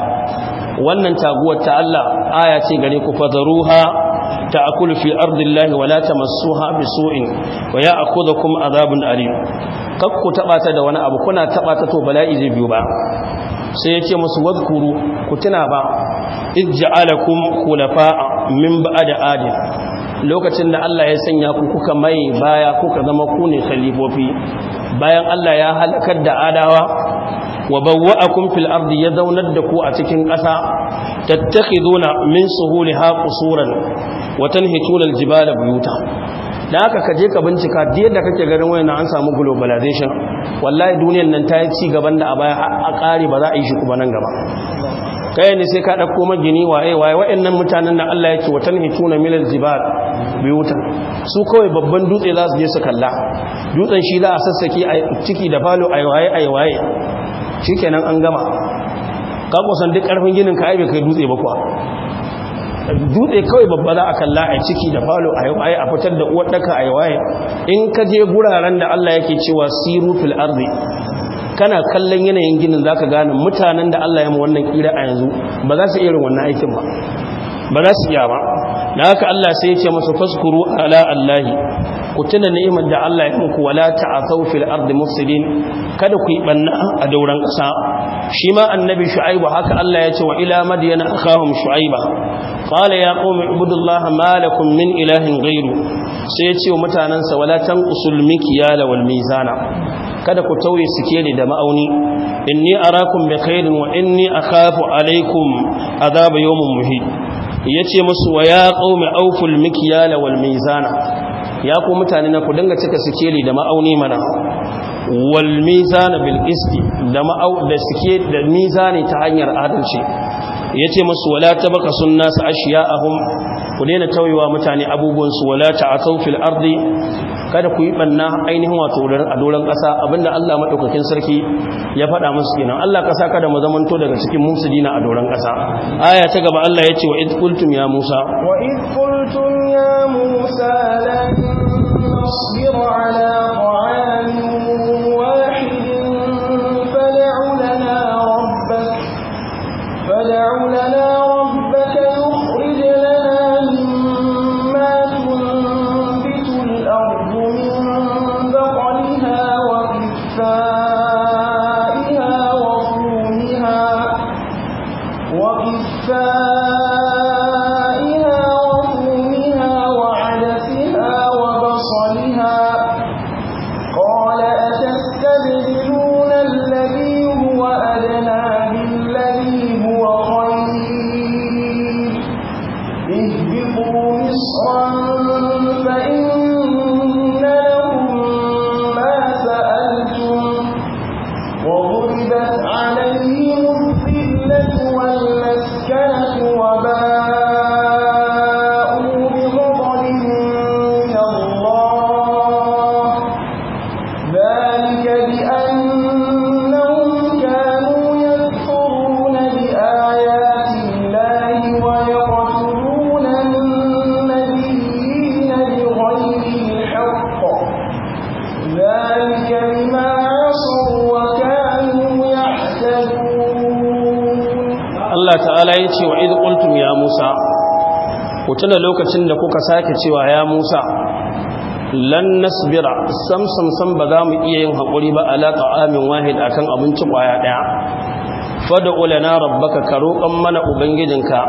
wannan taguwar ta Allah aya ce gare ku fadaruha ta'kulu fi ardillahi wa la tamassuha bisu'in wa ya'khudhukum adhabun alim kakku taba ta da wani abu kuna taba to bala'i zai biyo ba sai yace musu wadhkuru ku tuna ba ij'alakum khulafa min ba'di adi. lokacin da Allah ya sanya ku kuka mai baya kuka zama ku ne khalifofi bayan Allah ya halakar da adawa wa bawwa'akum fil ardi ya zaunar da ku a cikin ƙasa tattakhiduna min suhuliha qusuran wa tanhituna aljibala buyuta da haka ka je ka bincika da yadda kake ganin wayannan an samu globalization wallahi duniyar nan ta yi ci gaban da a baya a ƙari ba za a yi shi kuma nan gaba kai ne sai ka dauko magini waye waye wayannan mutanen da Allah yake watan hituna min aljibal biyutan su kawai babban dutse za su je su kalla dutsen shi za a sassake a ciki da falo ayi waye shikenan an gama ka duk karfin ginin ka aibe kai dutse ba kuwa dutse kawai babba za a kalla a ciki da falo a yi waye a fitar da uwar a yi in ka je guraren da Allah yake cewa siru fil ardi kana kallon yanayin ginin zaka gane mutanen da Allah ya mu wannan kira a yanzu ba za su irin wannan aikin ba ba za su iya ba da haka Allah sai ya ce masa faskuru ala Allah. ku tuna ni'imar da Allah ya muku wala ta'athaw fil ardi mufsidin kada ku yi banna a dauran ƙasa shi ma annabi shu'aibu haka Allah ya ce wa ila madyana akhahum shu'aiba qala ya qaumi ibudullaha ma lakum min ilahin ghayru sai ya ce wa mutanansa wala tanqusul mikyala wal mizana kada ku tauye sikeli da ma'auni inni arakum bi khairin wa inni akhafu alaykum adhab yawmin muhit ya ce musu wa ya ƙaumi auful mikiyala wal mizana ya ku mutane na ku dinga cika sikeli da ma'auni mana wal mizana bil isti da ma'au da sike da mizani ta hanyar adalci ya ce musu wala tabaka sunna su ashiya'ahum ku daina tauyewa mutane su wala a fil ardi kada ku yi banna ainihin wato a doron ƙasa abinda Allah maɗaukakin sarki ya faɗa musu kenan Allah ƙasa kada mu zamanto daga cikin dina a doron ƙasa aya ta gaba Allah ya ce wa idh qultum ya Musa wa idh qultum ya Musa lan ala ta'amin ku tuna lokacin da kuka sake cewa ya musa lan nasbira sam sam sam ba za mu iya yin haƙuri ba ala ta'amin wahid akan abinci kwaya ɗaya fada ulana rabbaka ka roƙon mana ubangijinka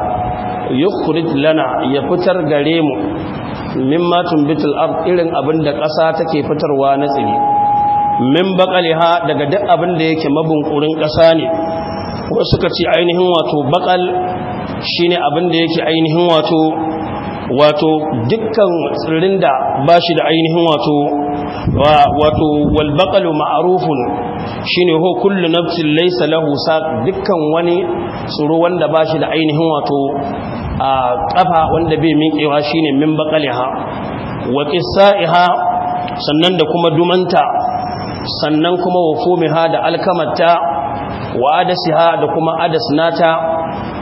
yukhrij lana ya fitar gare mu mimma tumbitul ard irin abin da ƙasa take fitarwa na tsiri min baqaliha daga duk abin da yake mabunkurin ƙasa ne ko suka ce ainihin wato baqal shine abin da yake ainihin wato wato dukkan tsirrin da ba shi da ainihin wato wato walbaƙalu ma'arufun shi ne ho kullu nafsin laisa lahu dukkan wani tsoro wanda ba shi da ainihin wato a ƙafa wanda bai miƙewa shi ne min baƙaliha wa sannan da kuma dumanta sannan kuma wa ha da alkamata wa ha da kuma adasnata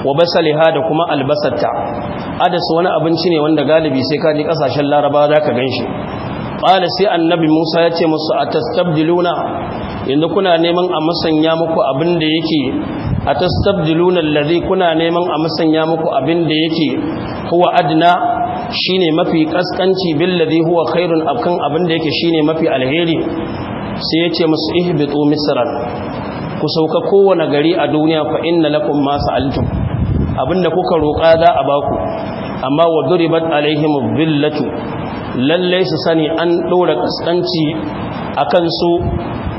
wa da kuma albasarta adas wani abinci ne wanda galibi sai ka ji kasashen laraba za ka gan shi ƙwale sai annabi musa ya ce musu a yanzu kuna neman a musanya muku abin da yake a tastabdiluna kuna neman a musanya muku abin da yake huwa adna shine mafi kaskanci billazi huwa khairun akan abin da yake shine mafi alheri sai ya ce musu ihbitu misran ku sauka kowane gari a duniya fa inna lakum ma sa'altum abinda kuka roƙa za a baku amma wa duribat alaihim billatu lalle su sani an dora kaskanci akan su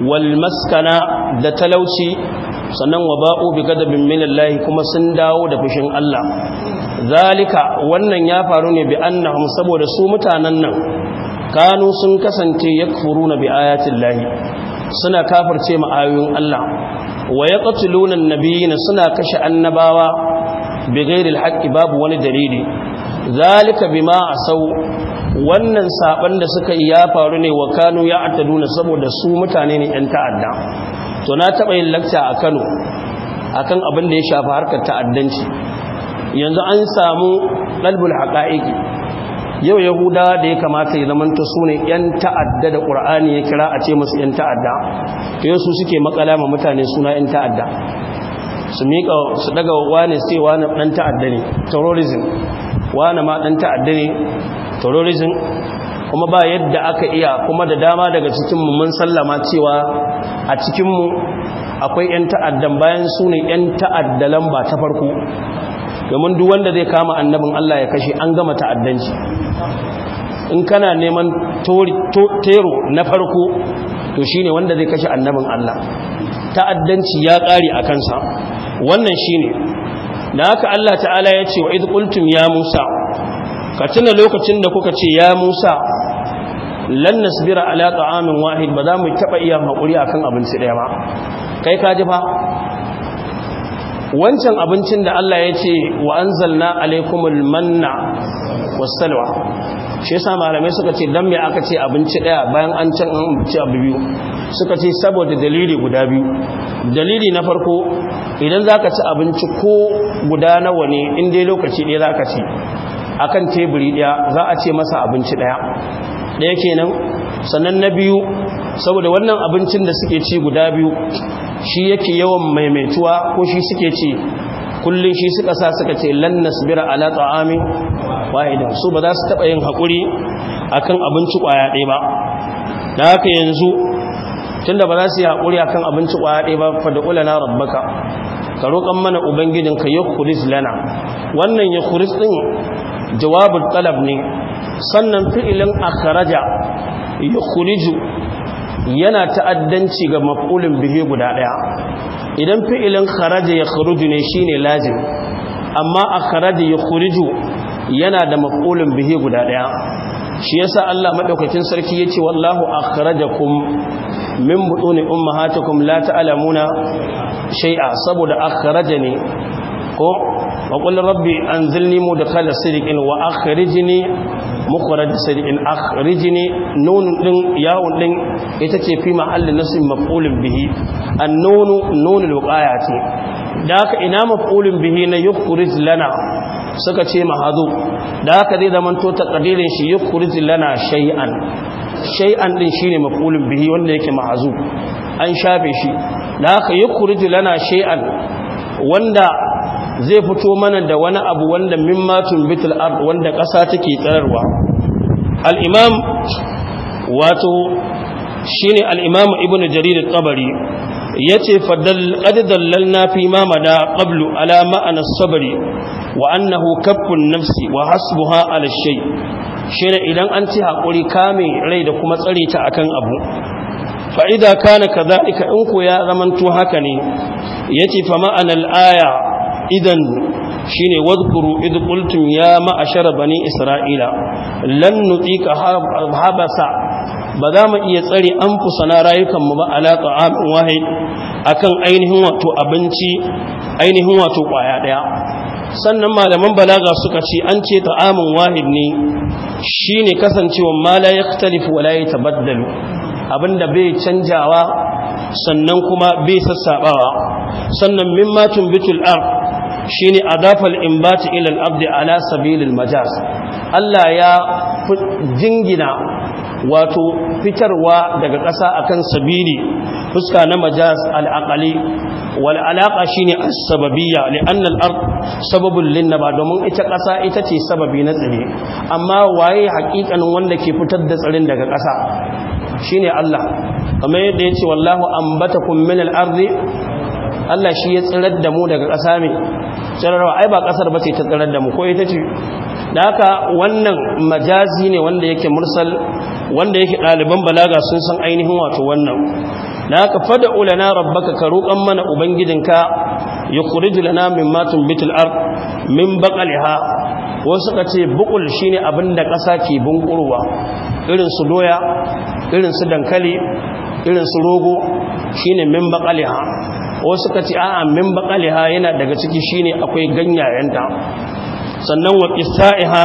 wal maskana da talauci sannan wa ba'u bi gadabin minallahi kuma sun dawo da fushin Allah zalika wannan ya faru ne bi annahum saboda su mutanen nan kanu sun kasance yakfuruna bi ayatin lahi suna kafirce ma ayoyin Allah wa yaqtuluna annabiyina suna kashe annabawa بغير الحق babu wani dalili zalika bima asau wannan saban da suka yi ya faru ne wa Kano ya attaduna saboda su mutane ne yan ta'adda to na taba yin lakta a Kano akan abin da ya shafi harkar ta'addanci yanzu an samu qalbul haqa'iqi yau yahuda da ya kamata ya zamanta su ne yan ta'adda da qur'ani ya kira a ce musu yan ta'adda to yau su suke makala ma mutane suna yan ta'adda su miƙa su daga wani sai wani ɗan ta'adda ne terrorism wani ma ɗan ta'adda ne terrorism kuma ba yadda aka iya kuma da dama daga cikinmu mun sallama cewa a cikinmu akwai 'yan ta'addan bayan su ne 'yan ta'adda lamba ta farko domin duk wanda zai kama annabin Allah ya kashe an gama ta'addanci in kana neman tero na farko to shi ne wanda zai kashe annabin Allah ta'addanci ya ƙare a kansa wannan shine da haka Allah ta'ala ya ce wa idh ya Musa ka tuna lokacin da kuka ce ya Musa lan nasbira ala ta'amin wahid ba za mu taɓa iya hakuri akan abinci daya ba kai ka ji fa wancan abincin da Allah ya ce wa anzalna alaikumul manna wassalwa shi yasa malamai suka ce dan me aka ce abinci daya bayan an can an ci abu biyu suka ce saboda dalili guda biyu dalili na farko idan zaka ci abinci ko guda nawa ne in dai lokaci ɗaya zaka ci akan teburi daya za a ce masa abinci daya daya kenan sannan na biyu saboda wannan abincin da suke ci guda biyu shi yake yawan maimaituwa ko shi suke ci kullum shi suka sa suka ce lannas nasbira ala ta'ami wahidin su ba za su taba yin hakuri akan abinci kwaya ɗaya ba da haka yanzu tunda ba za su yi hakuri akan abinci kwaya ɗaya ba fa da ulana rabbaka ka roƙan mana ubangijin ka yakhris lana wannan yakhris din jawabul talab ne sannan fi'ilin akhraja yakhriju yana ta'addanci ga maf'ulin bihi guda daya idan fi'ilin kharaja ya khuruju ne shine lazim amma akhraja ya khuruju yana da maf'ulin bihi guda daya shi yasa Allah madaukakin sarki yace wallahu akhrajakum min butuni ummahatikum la ta'lamuna shay'a saboda akhrajani ko وقل ربي أنزلني مدخل صدق وأخرجني مخرج صدق أخرجني نون دن يا دن يتكي في محل نصب مفعول به النون نون الوقاية ذاك إنا مفعول به يخرج لنا suka ce mahadu da haka zai zamanto takadirin shi yukhrij lana shay'an shay'an din shine maf'ulun bihi wanda yake ma'azu an shafe shi da haka yukhrij lana wanda zai fito mana da wani abu wanda mimmatun bitul ard wanda ƙasa take tsararwa al-imam wato shine al-imam ibnu jarir at-tabari yace fa qad dallalna fi ma mada qablu ala ma'ana sabri wa annahu kaffun nafsi wa hasbuha ala shay shine idan an ci hakuri kame rai da kuma tsare ta akan abu fa idza kana kadhalika in ku ya zamanto haka ne yace fa ma'ana al-aya idan shine wadhkuru id qultum ya ma'ashara bani isra'ila lannu nutika habasa ba za mu iya tsare an fusana rayukan mu ba alaƙa amin wahid akan ainihin wato abinci ainihin wato kwaya ɗaya. sannan malaman balaga suka ce an ce amin wahid ne shine kasancewa ma la yaktalifu wa la yatabaddalu abinda bai canjawa sannan kuma bai sassabawa sannan mimma tumbitul ardh shine in ba ta ilal abdi ala sabilin majas? majaz Allah ya jingina wato fitarwa daga ƙasa akan sabili fuska na majas al-aqali wal alaƙa shi ne sababiyya li'anna al-ard sababin lin domin ita ƙasa ita ce sababi na tsire amma waye haƙiƙanin wanda ke fitar da tsirin daga ƙasa ne Allah kamar yadda yace wallahu ambatakum min minal arzi Allah shi ya tsirar da mu daga ƙasa mai tsirarwa ai ba ƙasar ba ce ta tsirar da mu ko ita ce da haka wannan majazi ne wanda yake mursal wanda yake ɗaliban balaga sun san ainihin wato wannan da haka fada ulana rabbaka ka roƙan mana ubangijinka ya kuriji lana min matun bitul ard min baƙaliha ko suka ce bukul shine abin da ƙasa ke bunkurwa irin su doya irin su dankali irin su rogo shine min baƙaliha wasu ka ce a'a min ha yana daga ciki shine akwai ganyayenta sannan wa qisaiha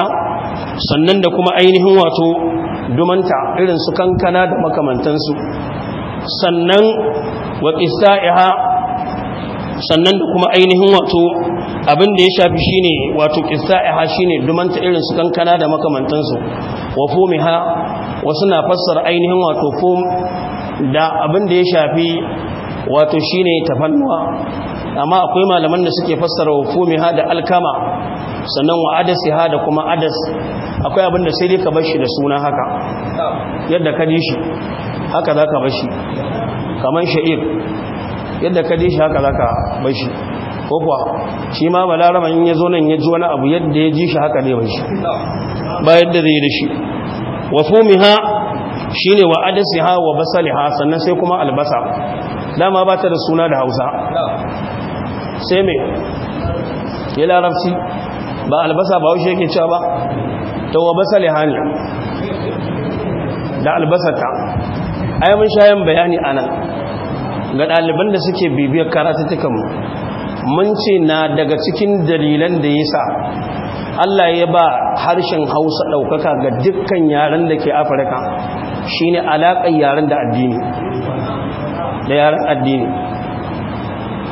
sannan da kuma ainihin wato dumanta irin su kankana da makamantansu sannan wa qisaiha sannan da kuma ainihin wato abin da ya shafi shine wato qisaiha shine dumanta irin su kankana da makamantansu wa fumiha wasu na fassara ainihin wato fum da abin da ya shafi wato shine tafannuwa amma akwai malaman da suke fassara ha da alkama sannan wa ha da kuma adas akwai abin da sai dai ka bashi da suna haka yadda ka ji shi haka za ka bashi kamar sha'ir yadda ka ji shi haka za ka bashi ko kuwa shi ma balarama in ya zo nan ya ji wani abu yadda ya ji shi haka ne bashi ba yadda zai da shi wa shi ne wa ha wa basaliha sannan sai kuma albasa dama ba ta da suna da hausa sai mai ya larabci ba albasa ba haushe yake cewa ba ta wa basa lihani da albasata ai mun shayin bayani a ga ɗaliban da suke bibiyar karatattukanmu mun ce na daga cikin dalilan da ya sa Allah ya ba harshen hausa ɗaukaka ga dukkan yaren da ke afirka shine alaƙar yaren da addini da yaran addini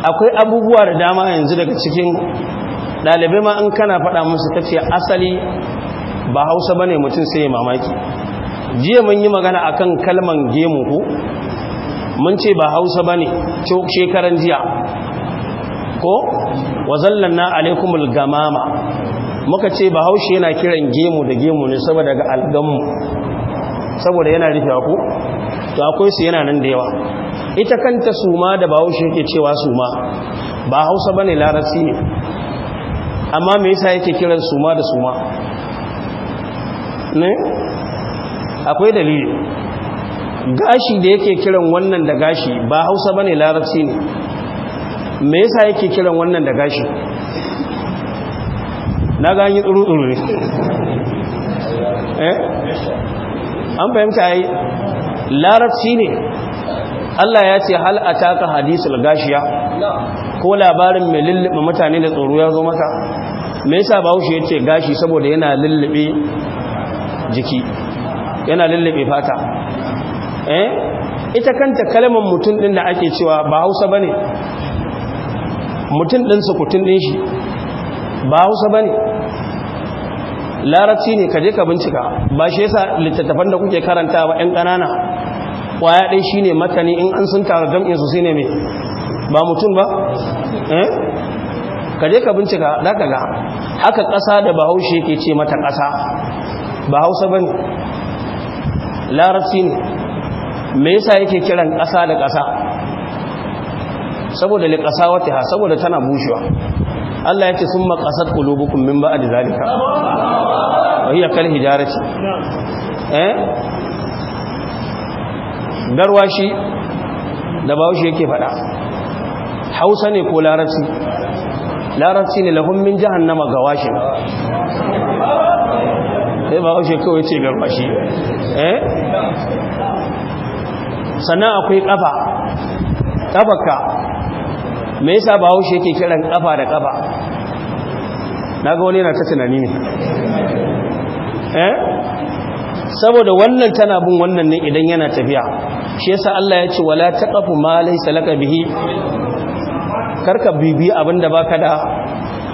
akwai abubuwa da dama yanzu daga cikin ɗalibai ma in kana faɗa musu ta ce asali ba hausa ba ne mutum sai mamaki jiya mun yi magana a kan kalman gemu ku mun ce ba hausa ba ne shekaran jiya ko wazallan na alaikumul gamama muka ce ba haushe yana kiran gemu da gemu ne saboda ga algamu saboda yana rufe ku to akwai su yana nan da yawa ita kanta suma da bahaushe yake cewa suma ba hausa bane larabci ne amma me yasa yake kiran suma da suma ne akwai dalili gashi da yake kiran wannan da gashi ba hausa bane larabci ne me yasa yake kiran wannan da gashi na gani tsuru-tsuru ne eh an fahimta yi larabci ne Allah ya ce hal a taka hadisul gashiya ko labarin mai lullube mutane da tsoro ya zo maka me yasa bahaushe ya ce gashi saboda yana lullube jiki yana lullube fata eh ita kanta kalmar mutum din da ake cewa ba hausa bane mutum din sukutun din shi ba hausa bane larabci ne kaje ka bincika ba shi yasa littattafan da kuke karanta ba ƴan ƙanana Kwaya ɗai shi ne matani in an sun taru jam'in su ne mai ba mutum ba eh kaje ka bincika da ka ga haka ƙasa da bahaushe ke ce mata ƙasa ba hausa ba ne larabci ne me yasa yake kiran ƙasa da ƙasa saboda liƙasa wata saboda tana bushewa Allah ya ce sun makasar kulubukun min ba a eh? da zalika akal hijara ce eh garwashi da bawashi yake fada hausa ne ko larabci larabci ne lahun min jahannama gawashi sai bawashi kawai ce garwashi eh sannan akwai kafa ka me yasa bahaushe yake kiran kafa da kafa na ga wani yana ta tunani ne eh saboda wannan tana bin wannan ne idan yana tafiya shi yasa Allah ya ce wala taqafu ma laysa laka bihi karka bibi abinda baka da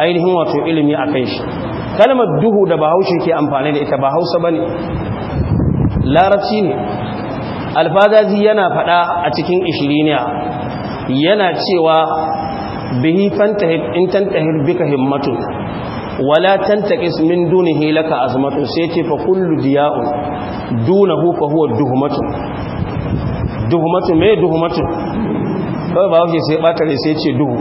ainihin wato ilimi akan shi kalmar duhu da bahaushe ke amfani da ita ba hausa bane larabci ne alfazazi yana fada a cikin ishiriniya yana cewa bihi fantahib in tantahir bika himmatu wala تنتقص من دونه لك azmatu sai ce fa دونه فهو dunahu fa ما duhmatu duhmatu me ba wuce sai bakare sai ce duhu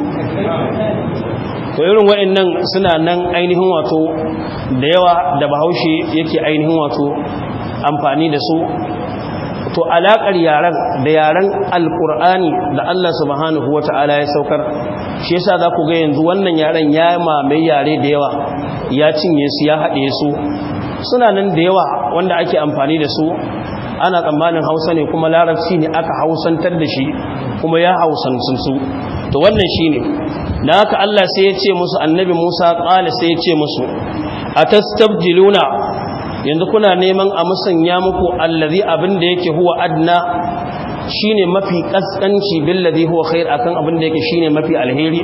to irin waɗannan suna nan ainihin wato da yawa da bahaushe yake ainihin wato amfani da su to alaƙar yaran, da yaren alƙur'ani da Allah subhanahu wata'ala ya saukar shi yasa za ku ga yanzu wannan yaren ya mamaye yare da yawa ya cinye su ya haɗe su suna nan da yawa wanda ake amfani da su ana tsammanin hausa ne kuma larabci ne aka hausantar da shi kuma ya hausantar su to wannan shi ne da haka Allah sai ya ce musu annabi Musa ƙala sai ya ce musu a tastabdiluna yanzu kuna neman a musanya muku allazi abin da yake huwa adna shine mafi kaskanci billadhi huwa khair akan abin da yake shine mafi alheri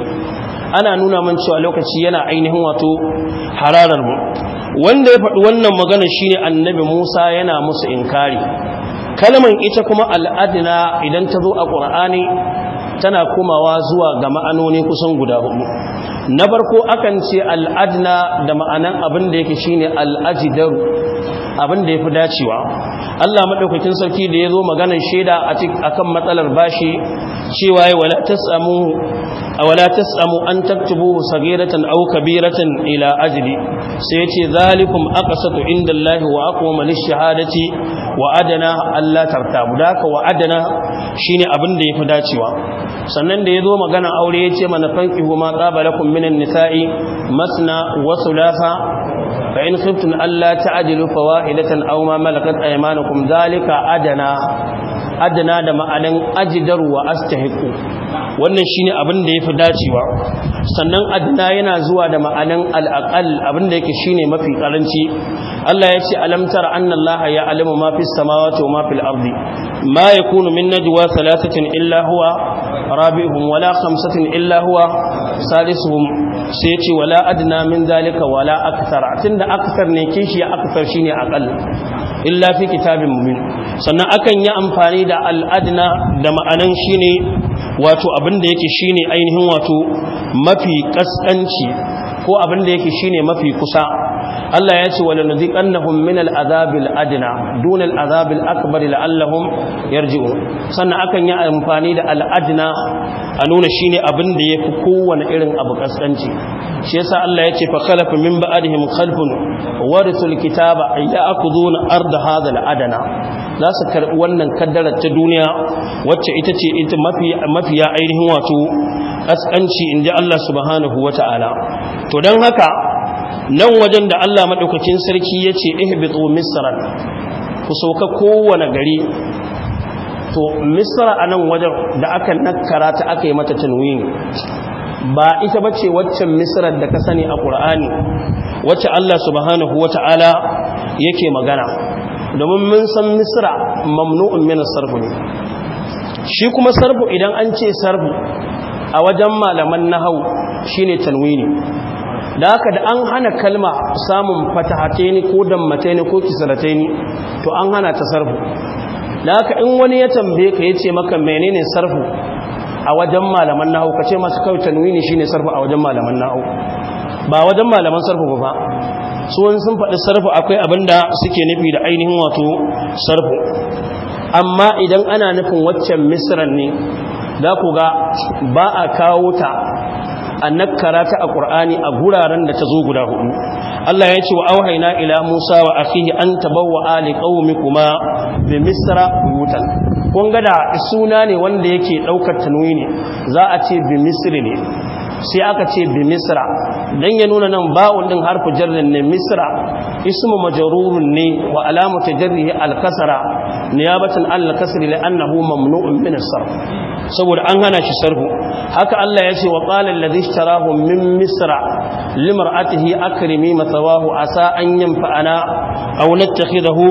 ana nuna man cewa lokaci yana ainihin wato hararar mu wanda ya faɗi wannan magana shine annabi Musa yana musu inkari kalman ita kuma al'adina idan ta zo a ƙur'ani tana komawa zuwa ga ma'anoni kusan guda hudu na farko akan ce al'adina da ma'anan abin da yake shine al'ajidar abin da ya fi dacewa Allah maɗaukakin sarki da ya zo maganar shaida a kan matsalar bashi cewa ya wala ta samu an taktubu sagiratan au kabiratan ila ajili sai ya ce zalikum aqsatu inda Allah wa aqwama lish-shahadati wa adana Allah tartabu da haka wa adana shine abin da ya fi dacewa sannan da ya zo magana aure ya ce mana fankihu ma tsaba minan nisa'i masna wasu lafa. fa in khiftum alla ta'dilu fawahidatan aw ma malakat aymanukum dhalika adana adana da ma'anin ajidar wa astahiqu wannan shine abin da yafi dacewa sannan adana yana zuwa da ma'anin al-aqal abin da yake shine mafi karanci Allah ya ce alam tara annallaha Allah ya'lamu ma fis samawati wa ma fil ardi ma yakunu min najwa thalathatin illa huwa rabi'uhum wala khamsatin illa huwa salisuhum sai ya ce wala adna min zalika wala akthar tunda akthar ne kishi akthar shine aqal illa fi kitabin mumin sannan akan yi amfani amfani da al'adna da ma'anan shine wato abin da yake shine ainihin wato mafi kaskanci ko abin da yake shine mafi kusa Allah ya ce wala nuziqannahum min al'azabil adna dun al'azabil akbar la'allahum yarji'un sannan akan yi amfani da al'adna a nuna shine abin da fi kowane irin abu kaskanci shi yasa Allah ya ce fa khalafa min ba'dihim khalfun warisul kitaba ya'khuduna ard hadha al'adna za su karɓi wannan kaddarar ta duniya wacce ita ce ita mafiya ainihin wato ƙasƙanci in ji Allah subhanahu wa ta'ala to don haka nan wajen da Allah maɗaukakin sarki ya ce ihbitu Misiran ku sauka kowane gari to Misira a nan wajen da aka nakara ta aka yi mata tanwini ba ita ba ce waccan misrar da ka sani a ƙura'ani wacce Allah subhanahu wa ta'ala yake magana domin mun san misra mamnu'un min sarfu ne shi kuma sarfu idan an ce sarfu a wajen malaman nahau shine tanwini da haka da an hana kalma samun fatahataini ko dammataini ko kisrataini to an hana ta sarfu da haka in wani ya tambaye ka yace maka menene sarfu a wajen malaman nahau kace masa kawai tanwini shine sarfu a wajen malaman nahau ba wajen malaman sarfu ba su wani sun faɗi sarfu akwai abin da suke nufi da ainihin wato sarfu amma idan ana nufin waccan misran ne za ku ga ba a kawo ta a nakara ta a ƙur'ani a guraren da ta zo guda hudu Allah ya ce wa auhaina ila Musa wa akhihi an tabawa ali qaumikuma bi misra buyutan kun ga suna ne wanda yake daukar ne za a ce bi misri ne sai aka ce bi misra dan ya nuna nan ba'un din harfu jarrin ne misra ismu majarurun ne wa alamatu jarrihi al-kasra niyabatan al-kasri li'annahu mamnu'un min sarf saboda an hana shi sarfu haka Allah ya ce wa qala alladhi ishtarahu min misra limra'atihi akrimi mathawahu asa an yanfa'ana aw nattakhidahu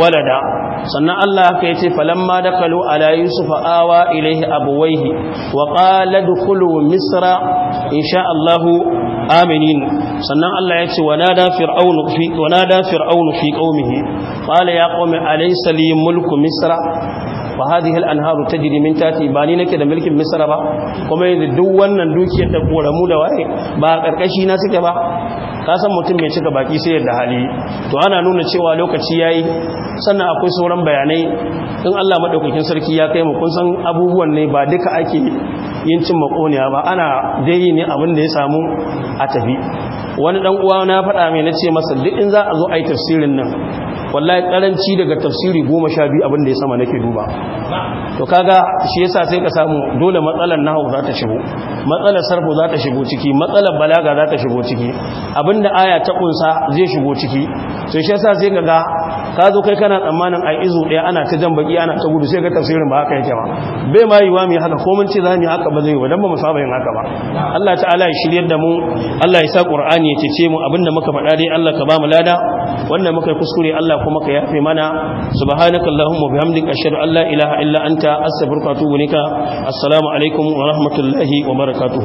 walada sannan Allah haka yace falamma dakalu ala yusuf awa ilaihi abuwaihi wa qala dukulu misra insha Allah aminin sannan Allah yace ce wana da fir'aunu fi qaumihi qala ya qaumi alaysa li mulku misra wa hadhihi al-anharu tajri min tahti ba ni nake da mulkin misra ba kuma yanzu duk wannan dukiyar da koramu da waye ba karkashi na suke ba ka san mutum mai cika baki sai yadda hali to ana nuna cewa lokaci yayi sannan akwai sauran bayanai in Allah madaukakin sarki ya kai mu kun san abubuwan ne ba duka ake yin cin makoniya ba ana dai ne abin da ya samu a tafi wani dan uwa na faɗa mai ce masa duk in za a zo a yi tafsirin nan wallahi karanci daga tafsiri 12 abin da ya sama nake duba to kaga shi yasa sai ka samu dole matsalar nahwu za ta shigo matsalar sarfu za ta shigo ciki matsalar balaga za ta shigo ciki abinda aya ta kunsa zai shigo ciki to shi yasa sai ga. ka zo kai kana tsammanin a izu ɗaya ana ta jan baki ana ta gudu sai ga tafsirin ba haka yake ba bai ma yiwa mu haka ko mun ce za mu haka ba zai ba dan ba mu saba yin haka ba Allah ta'ala ya shiryar da mu Allah ya sa Qur'ani ya cece mu abinda muka faɗa dai Allah ka ba mu lada wannan muka yi kuskure Allah kuma ka yafe mana subhanaka allahumma bihamdika ashhadu an la ilaha illa anta astaghfiruka wa atubu ilaik assalamu alaikum wa rahmatullahi wa barakatuh